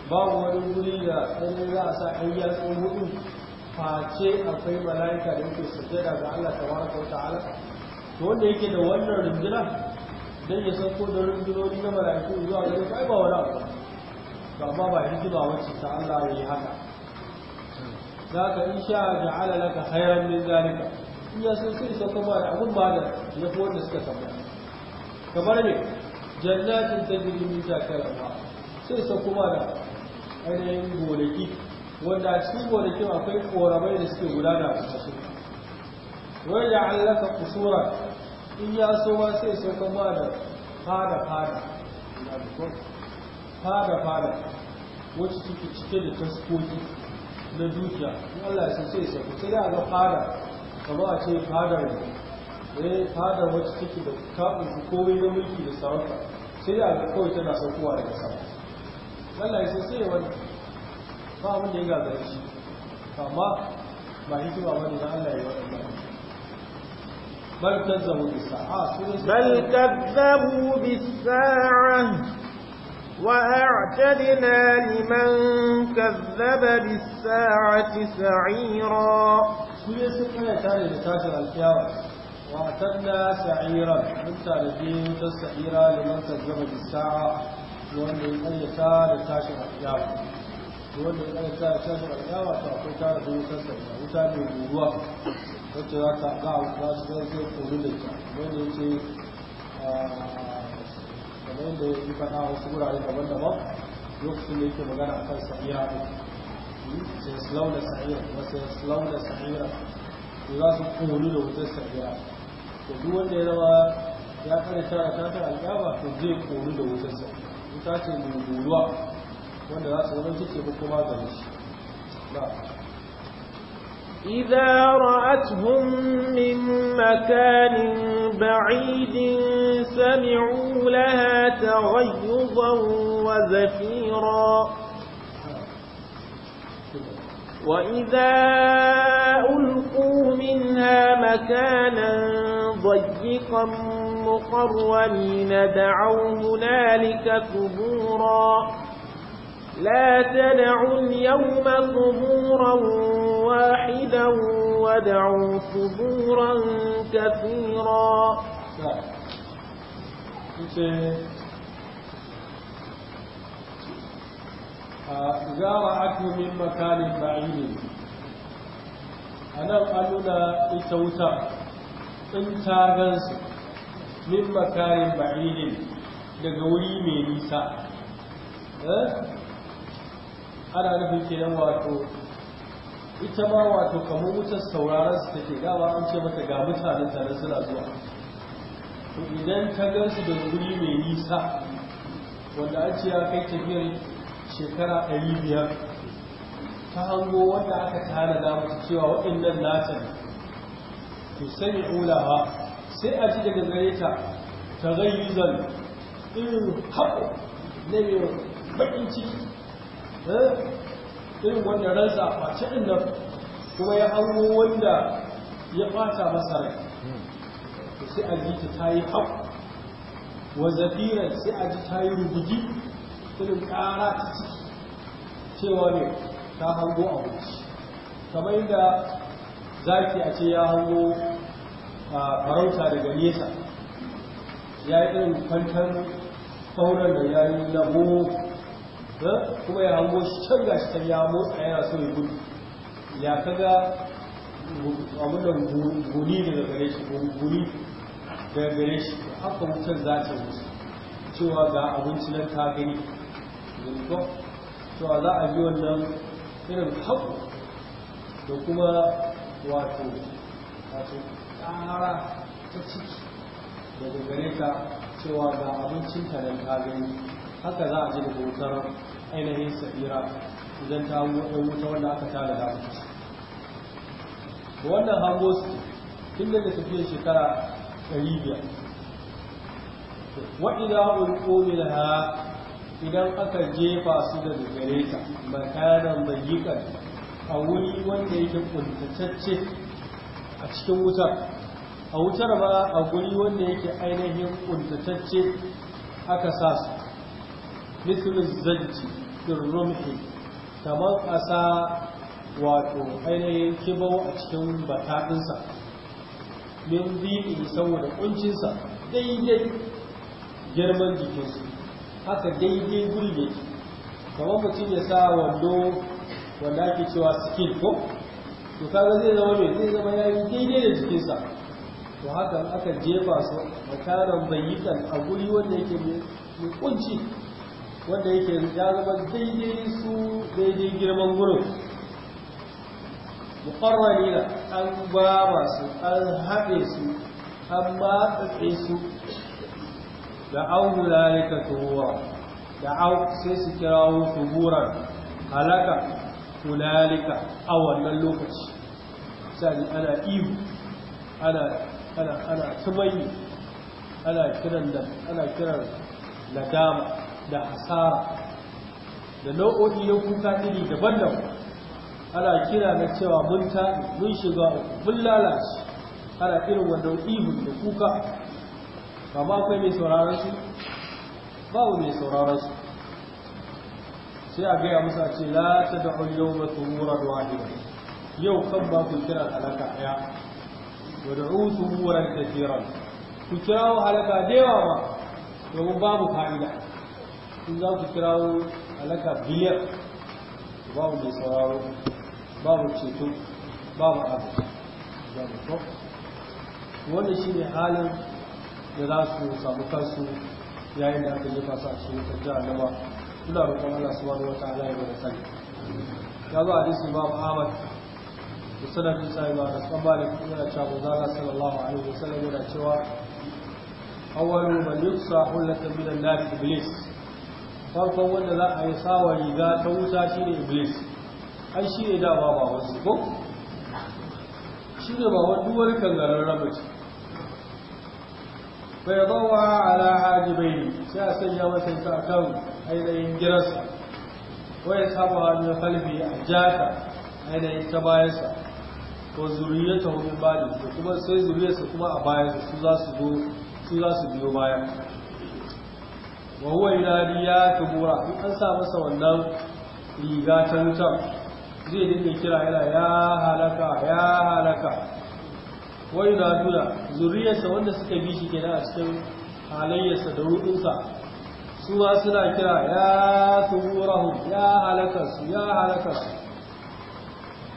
babu wani guri da ɗan za a sa an yi yatsun hudu face akwai mala'ika da yake sujjada ga Allah tabaraka wata ta'ala to wanda yake da wannan rundunar dan ya san ko da rundunoni na mala'iku zuwa gare ka ba wani abu Ba amma ba hikima wacce ta Allah ya yi haka ka insha ja'ala laka khairan min zalika in ya sun sai sauka ma abin ba da ya fi wanda suka samu kamar ne jannatin ta jirgin mita ba sai sauka ma da ainihin gonaki wanda a cikin gonaki akwai koramai da suke gudana a ƙasashe wai ya allaka kusura in ya so ma sai sauka ma da fada fada fada fada wacce suke cike da taskoki na dukiya in Allah ya sai sai sauka sai da ga fada kama a ce fadar ne eh, fadar wacce take da kaɓin komai na mulki da sarauta sai da ga kawai tana saukowa daga sama Allah ya sai sai wani ba abin da ya gagara shi amma ba hikima bane na Allah ya wani bal kazzabu bal kazzabu bis-sa'a وأعتدنا لمن كذب بالساعة سعيرا su ne sun karyata ne da tashin alkiyawa wa tanna sa'ira mun tanaji wutar sa'ira da liman kazzaba da sa'a wanda ya karyata da tashin alkiyawa wanda ya karyata da tashin alkiyawa to akwai tare da wutar sa'ira wuta mai ruwa wacce za ta ga za su zai sai kori da ta wanda ya ce kamar yadda ya faɗa wasu wurare daban-daban lokacin da yake magana a kan sa'ira سيصلون سعيرا وسيصلون سعيرا إذا صبحوا لله تسعيرا ودون ذلك يا كان شارع تافع الجابة فزي قولوا له وتاتي من بولوا وانا لا سيقول شيء بكما ذلك لا إذا رأتهم من مكان بعيد سمعوا لها تغيظا وزفيرا وإذا ألقوا منها مكانا ضيقا مقرنين دعوا هنالك ثبورا لا تدعوا اليوم ثبورا واحدا ودعوا ثبورا كثيرا zara'atu min makanin ba'in a nan an nuna ita wuta in ta gansu min makarin ba'irin daga wuri mai nisa ana da ke nan wato ita ma wato kamar wutar sauraron su take dawa an ce mata ga mutane tare suna zuwa idan ta gansu daga wuri mai nisa wanda an ce ya kai tafiyar shekara ɗari biyar ta hango wanda aka tana da mutu cewa waɗannan nata ne to sani ulawa sai a ji daga gare ta ta zan irin haɓo na mai baƙin ciki eh, irin wanda ransa a face inda kuma ya hango wanda ya ɓata masa rai sai a ji ta ta yi haɓo wa zafiran sai a ji ta yi rubuji irin ƙara ta cewa ne ta hango a wuce kamar yadda zaki a ce ya hango farauta daga nesa ya yi irin kwantar faunar da ya yi labo eh, kuma ya hango shi can gashi can ya motsa yana so ya gudu ya kaga abin da guni daga gare shi guni daga gare shi haka wutar za ta musu cewa ga abinci nan ta gani ko cewa za a bi wannan irin haku da kuma wato wato tsara ta ciki daga gare ka cewa ga abincin ta nan haka za a ji da bautar ainihin sa'ira idan ta wuta wanda aka tada da abinci wannan hango su tun daga tafiyar shekara 500 wa'ida ulqu ha. idan aka jefa su da gare ta makanan bayyukan a wuri wanda yake kuntatacce a cikin wutar a wutar ba a guri wanda yake ainihin kuntatacce aka sa su mislin zanci firrumhi kamar ƙasa wato ainihin kibau a cikin bataɗinsa min biyu saboda ƙuncinsa daidai girman jikinsu haka daidai ne kamar mutum ya sa wando wanda ake cewa skin ko to kaga zai zama mai zai zama ya yi daidai da jikinsa to haka aka jefa su a karan bayyikan a guri wanda yake mai kunci wanda yake ya zama daidai su daidai girman gurin muƙarrari na an ba masu an haɗe su an matsatse su da auzu zalika tuhura da au sai su kirawo tuhuran halaka tunalika a wannan lokaci sai ana ihu ana ana ana tumayi ana kiran da ana kiran nadama da hasara da nau'o'i na kuka iri daban-daban ana kira na cewa mun taɗi mun shiga mun lalace ana irin wannan ihu da kuka amma akwai mai sauraron shi babu mai sauraron shi sai a gaya musa ce la ta da yau ba tumura da wahida yau kan ba ku kira halaka ɗaya wa da rutu muran kafiran ku kirawo halaka da yawa ba domin babu fa'ida in za ku kirawo halaka biyar babu mai sauraro babu ceto babu abu babu to wannan shine halin da za su samu kansu yayin da aka jefa su a cikin wutar jahannama ina roƙon Allah wata wataala ya bada sani ya zo hadisi Imam Ahmad da da sa ba Rasul Malik yana cewa manzala sallallahu alaihi wasallam yana cewa awwalu man yuksa hullatan min an-nar iblis farkon wanda za a yi sawa riga ta wuta shi shine iblis ai shine dama ba wasu ko shine ba wani duwar kangarar rabaci bai bawa ala hajibai sai a sanya masa ta a kan ainihin girarsa wai saba wa min falbi a jaka ainihin ta bayansa ko zuriyata min bada, da kuma sai su kuma a bayansa su za su zo su za su biyo baya wa huwa yunadi ya kubura in an sa masa wannan riga ta wutar zai dinga kira yana ya halaka ya halaka وينادون ذريته wanda suka bi shi kenan a cikin halayyarsa da rudinsa su ma suna kira ya thuburahum ya halakarsu ya halakarsu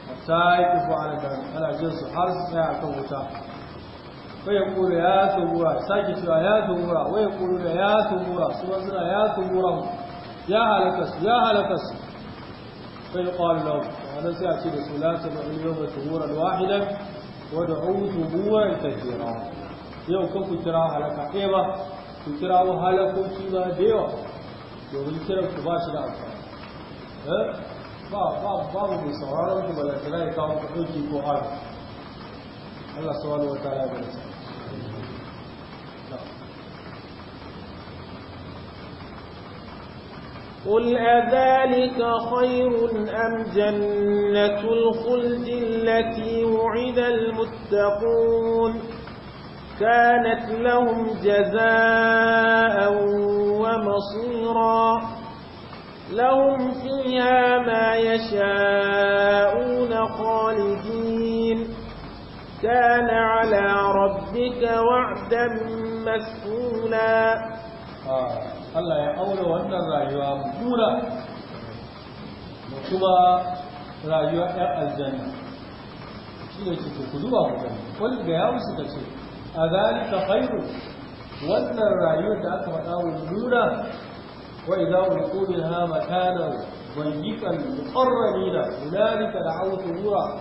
hatta yaqifu ala dar ala jinsu har su tsaya kan wuta wai yaqulu ya thubura saki cewa ya thubura wai yaqulu ya thubura su ma suna ya thuburahum ya halakarsu ya halakarsu wai qalu lahum wa sai a ce da su la tabu'u yawma thuburan wahidan ودعوا ثبوا تجرا يو كو كترا على كيبا كترا وحالا كو كيبا ديو يو كترا كباش لا أكبر ها با با با بي سوالا كبلا كلا يتاو كو كي كو حالا الله سوال وتعالى بلسان قل أذلك خير أم جنة الخلد التي وعد المتقون كانت لهم جزاء ومصيرا لهم فيها ما يشاءون خالدين كان على ربك وعدا مسؤولا Allah ya aure wannan rayuwa dura da kuma rayuwa ɗan aljanna shi ne ce ku zuwa ku gani wani ga yawon suka ce a ka khairu wannan rayuwar da aka faɗa wa dura wa idza ulqu minha makana ضيقا مقرنين هنالك دعوت نورا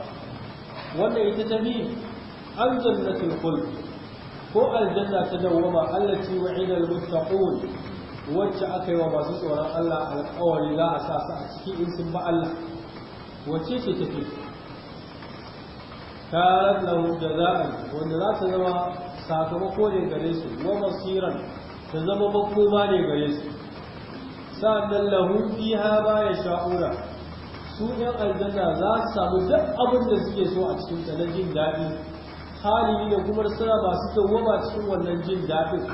ita يتتبين عن جنة الخلد ko aljanna ta dawwama allati wa'ida almuttaqun wacce aka yi wa masu tsoron Allah alƙawari za a sa su a ciki in ba Allah wacce ce take karat lahu jaza'an wanda za ta zama sakamako ne gare su wa masiran ta zama makoma ne gare su sa'annan lahu fiha ba ya sha'ura su ɗan aljanna za su samu duk abin da suke so a cikin ta na jin daɗi hali ne kuma suna masu dawwama cikin wannan jin daɗin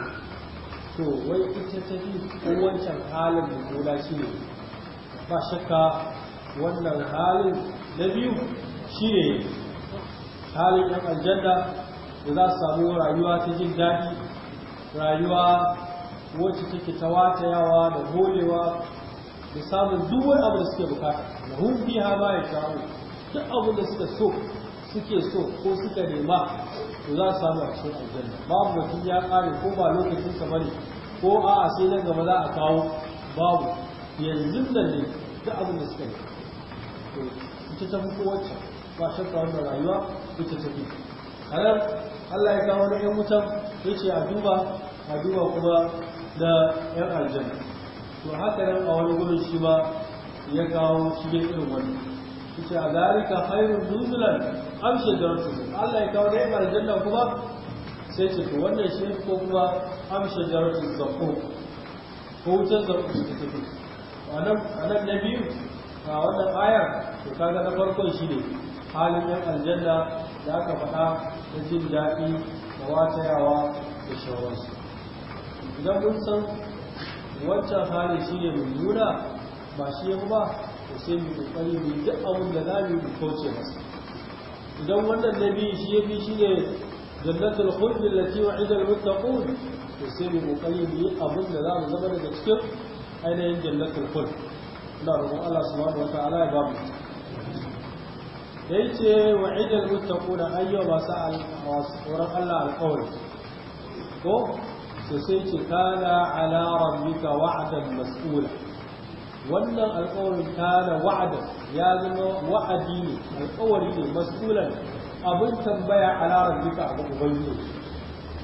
to wai ita ta fi ko wancan halin mummuna shi ne ba shakka wannan halin na biyu shi ne halin yan aljanna da za su samu rayuwa ta jin daɗi rayuwa wacce take tawatayawa da holewa da samun duk wani abu da suke bukata biya ba ya yasha'u duk abunda da suka so suke so ko suka nema to za su samu a cikin aljanna babu mutum ya kare ko ba lokacin sa bane ko a'a sai nan gaba za a kawo babu yanzu da ne duk abin da suka yi to ita ta fi kowace ba shakka wanda rayuwa ita ta fi kare Allah ya kawo ɗan wutan ya ce a duba a duba kuma da ‘yan aljanna to haka nan a wani gurin shi ba ya kawo shi ne irin wani ita a zarika hairun nuzulan amshe jaratu Allah ya kawo ni'imar aljanna kuma sai ce to wannan shi ko kuma amshe wasu zakko ko wutar zakko ta tafi anan na biyu a wannan ayar to kaga na farkon shi ne halin yan aljanna da aka faɗa da jin daɗi da watayawa da shawararsu idan mun san wancan hali shi ne mummuna ba shi ya ba sai mu kokari mu duk abin da za mu kauce masa idan wannan biyu shi ya bi shi ne jannatul khuldi lati wa'ida al-muttaqun to sai mu kokari mu yi abin da za mu zama daga cikin ainihin jannatul khuld da roƙon Allah subhanahu wata'ala ya ba mu yace wa'ida al-muttaquna ayyo masu tsoron Allah alƙawari ko to sai ce kana ala rabbika wa'dan mas'ula wannan alƙawarin tana wa'ada ya zama wa'adi ne alƙawari ne masulan abin tambaya a larar duka a Wai ubangiji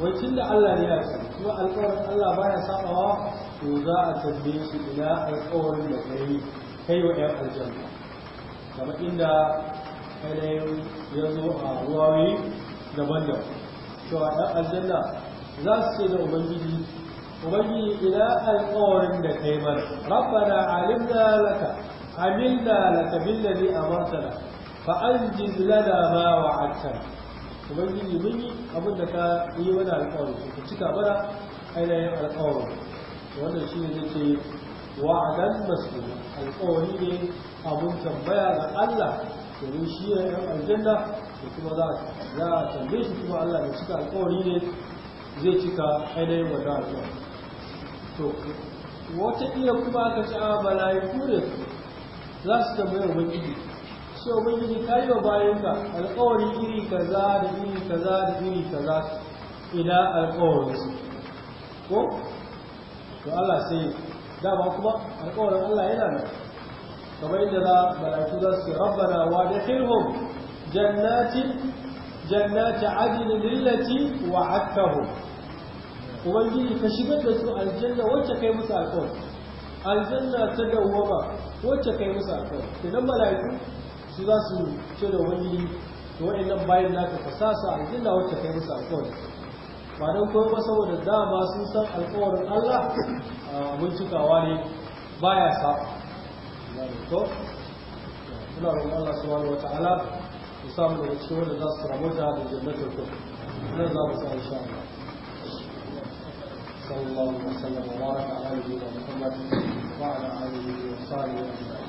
wacin da Allah ne ya san kuma alƙawarin Allah baya sabawa to za a tambaye su ina alƙawarin da kai kai wa ƴan aljanna kamar inda ainihin ya zo a ruwawi daban-daban to a ƴan aljanna za su ce da ubangiji ubangiji ina alƙawarin da kai mana rabbana alimna laka amilna laka billazi amartana fa anjiz lana ma wa'adtana ubangiji mun yi abin da ka yi mana alƙawarin ka cika mana ainihin alƙawarin wannan shi ne a wa'adan mas'ul ne tambaya Allah domin shi ne ɗan aljanna da kuma za a tambaye shi kuma Allah ya cika alƙawari ne zai cika ainihin wannan alƙawari to wata iya kuma ka ci a ah, mala'iku ne za su tambayar ubangiji sai ubangiji ka yi wa bayanka alkawari iri kaza da iri kaza da iri kaza ina su. ko to Allah sai dama kuma alkawarin Allah yana nan kamar yadda za mala'iku za su rabbana wa da khirhum jannatin jannati adilin lillati wa akkahum ubangiji ka shigar da su aljanna wacce kai musu alkawar aljanna ta dawwama wacce kai musu alkawar idan mala'iku su za su ce da ubangiji to wa'annan bayan naka ka sa su aljanna wacce kai musu alkawar ba don koyo ba saboda dama sun san alkawarin Allah mun cikawa ne baya sa to ina roƙon Allah subhanahu wataala ya samu da cikin wanda za su samu da jannatul kun nan za mu sa insha Allah صلى الله وسلم وبارك على نبينا محمد وعلى اله وصحبه اجمعين